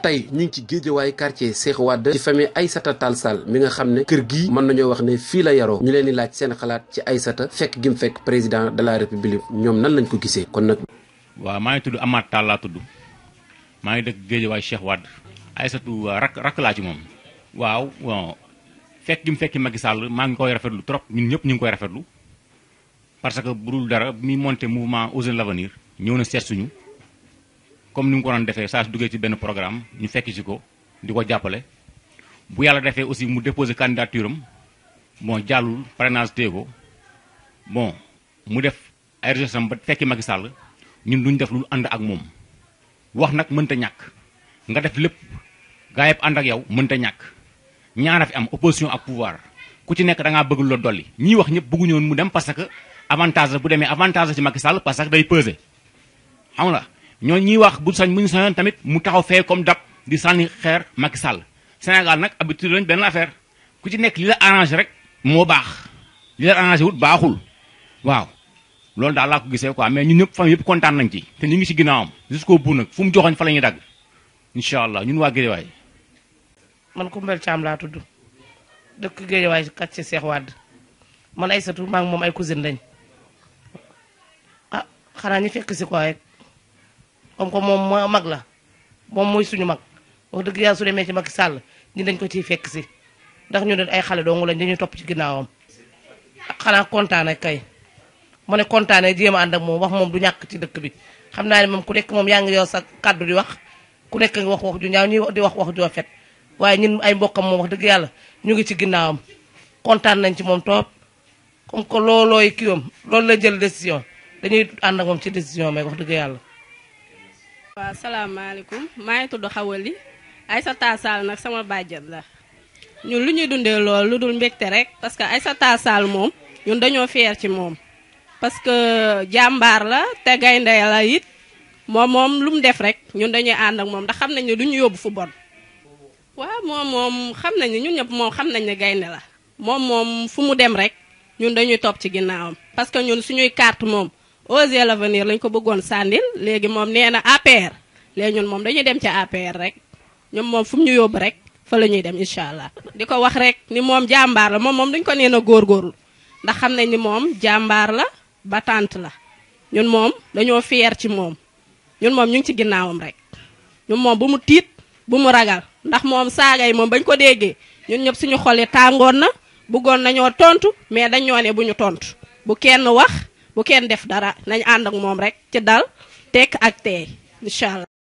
tey ñu ngi ci géejawaay quartier Cheikh Wade ci famille sata Tall Sall mi nga xam ne kër gii mën nañoo wax ne fii la yaroo ñu leen di laaj seen xalaat ci Aïssata fekk gi mu fekk président de la république ñoom nan lañu ko gisee kon nag. waaw maa ngi tudd amaat Tall laa tudd maa ngi dëkk géejawaay Cheikh Wade Aïssatu rak rak laa ci moom. waaw bon fekk gi mu fekki Macky Sall maa ngi koy rafetlu trop ñun ñëpp ñu ngi koy rafetlu parce que bu dul dara mi monté mouvement Osez l'Avenir ñëw na seet suñu. comme ni ngi ko doon defee saa su duggee ci benn programme ñu fekk ci ko di ko jàppale bu yàlla defee aussi mu déposer candidature am bon jàllul parrainage téye ko bon mu def ay recherche am ba fekki Macky Sall ñun duñ def lu ànd ak moom wax nag mënta ñàkk nga def lépp gaa yëpp ànd ak yow mënta ñàkk ñaara fi am opposition ak pouvoir ku ci nekk da ngaa bëgg lu dolli ñii wax ñëpp bëgguñu woon mu dem parce que avantage bu demee avantage ci Macky Sall parce que day peser xam nga ñoo ñuy wax bu sañ bu ñu sañoon tamit mu taxaw fee comme dab di sànni xeer Macky Sall Sénégal nag habitude lañ benn affaire ku ci nekk li la rek moo baax li la wut baaxul waaw loolu daal laa ko gisee quoi mais ñun ñëpp famille yëpp kontaan nañ ci te ñu ngi si ginnaawam jusqu'au bout nag fu mu joxoñ fa la dagg incha allah ñun waa Guédiawaye man Koumbel Thiam laa tudd dëkk Guédiawaye kat ci Cheikh Wade man Aïssatou maa ngi moom ay cousine lañ ah xanaa ñu fekk si comme que moom mag la moom mooy suñu mag wax dëgg yàlla su demee ci mag sàll ñi dañ ko ciy fekk si ndax ñu doon ay xale dong lañ dañuy topp ci ginnaawam xanaa kontaane kay mu ne kontaane jéem a wax moom du ñàkk ci dëkk bi xam naa ne moom ku nekk moom yaa ngi yow sa kàddu di wax ku nekk wax wax ju di wax wax ju waaye ñun ay mbokkam moom wax dëgg yàlla ñu ngi ci ginnaawam kontaan nañ ci moom topp comme que loolooy kiwam loolu la jël décision dañuy ànd ak moom ci décision may wax dëgg yàlla Fa salaamaaleykum maa ngi tudd xawali naksama Sall nak sama dunde la ñu lu ñuy dundee lool lu dul mbégte rek parce que Aïssata Sall mom ñun dañoo fier ci mom parce que jambar la te gaynde la yit mom mom lu mu def rek ñun dañuy and ak mom da xamnañ ni duñu yobbu fu bon wa mom mom. xamnañ ni ñun ñep xamnañ ni gaynde la mom mom fu mu dem rek ñun dañuy top ci ginnaawam parce que ñun suñuy carte mom Osez l'avenir lañ ko bëggoon sànnil léegi moom nee na APR léegi ñun moom dañuy dem ci APR rek ñoom moom fu mu ñu yóbbu rek fa la ñuy dem incha allah. di ko wax rek ni moom jàmbaar la moom moom dañu ko nee na góorgóorlu ndax xam nañ ni moom jàmbaar la batante la ñun moom dañoo fier ci moom ñun moom ñu ngi ci ginnaawam rek ñun moom bu mu tiit bu mu ragal ndax moom saaga yi moom bañ ko déggee ñun ñëpp suñu xol yi tàngoon na bëggoon nañoo tontu mais dañoo ne bu ñu tontu bu kenn wax. bu ngeen def dara nañ ànd ak moom rek ci dal tekk ak teey incha allah.